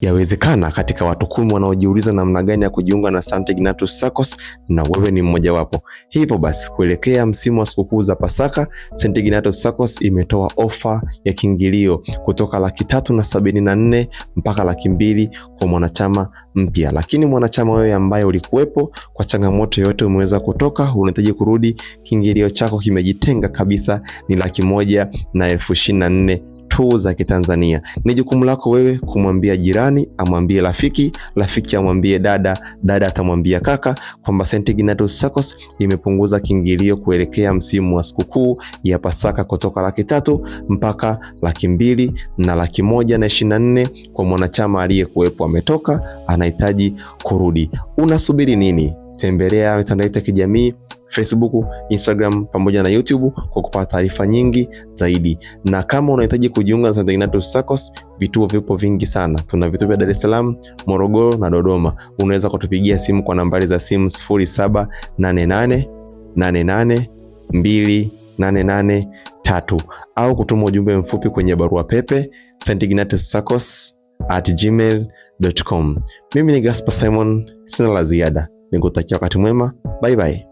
Yawezekana katika watu kumi wanaojiuliza namna gani ya kujiunga na St. Ignatius SACCOS na wewe ni mmojawapo. Hivyo basi, kuelekea msimu wa sikukuu za Pasaka, St. Ignatius SACCOS imetoa ofa ya kiingilio kutoka laki tatu na sabini na nne mpaka laki mbili kwa mwanachama mpya. Lakini mwanachama wewe ambaye ulikuwepo, kwa changamoto yoyote umeweza kutoka, unahitaji kurudi, kiingilio chako kimejitenga kabisa, ni laki moja na elfu ishirini na nne tu za Kitanzania. Ni jukumu lako wewe kumwambia jirani, amwambie rafiki, rafiki amwambie dada, dada atamwambia kaka kwamba St. imepunguza kiingilio kuelekea msimu wa sikukuu ya Pasaka kutoka laki tatu mpaka laki mbili na laki moja na ishirina na nne kwa mwanachama aliyekuwepo ametoka, anahitaji kurudi. Unasubiri nini? Tembelea mitandao yetu ya kijamii Facebook, Instagram pamoja na YouTube kwa kupata taarifa nyingi zaidi. Na kama unahitaji kujiunga na Santegnatus SACCOS, vituo vipo vingi sana. Tuna vituo vya Dar es Salaam, Morogoro na Dodoma. Unaweza kutupigia simu kwa nambari za simu 0788 88 2883 au kutuma ujumbe mfupi kwenye barua pepe santignatussaccos@gmail.com. Mimi ni Gaspar Simon, sina la ziada, nikutakia wakati mwema. Bye bye.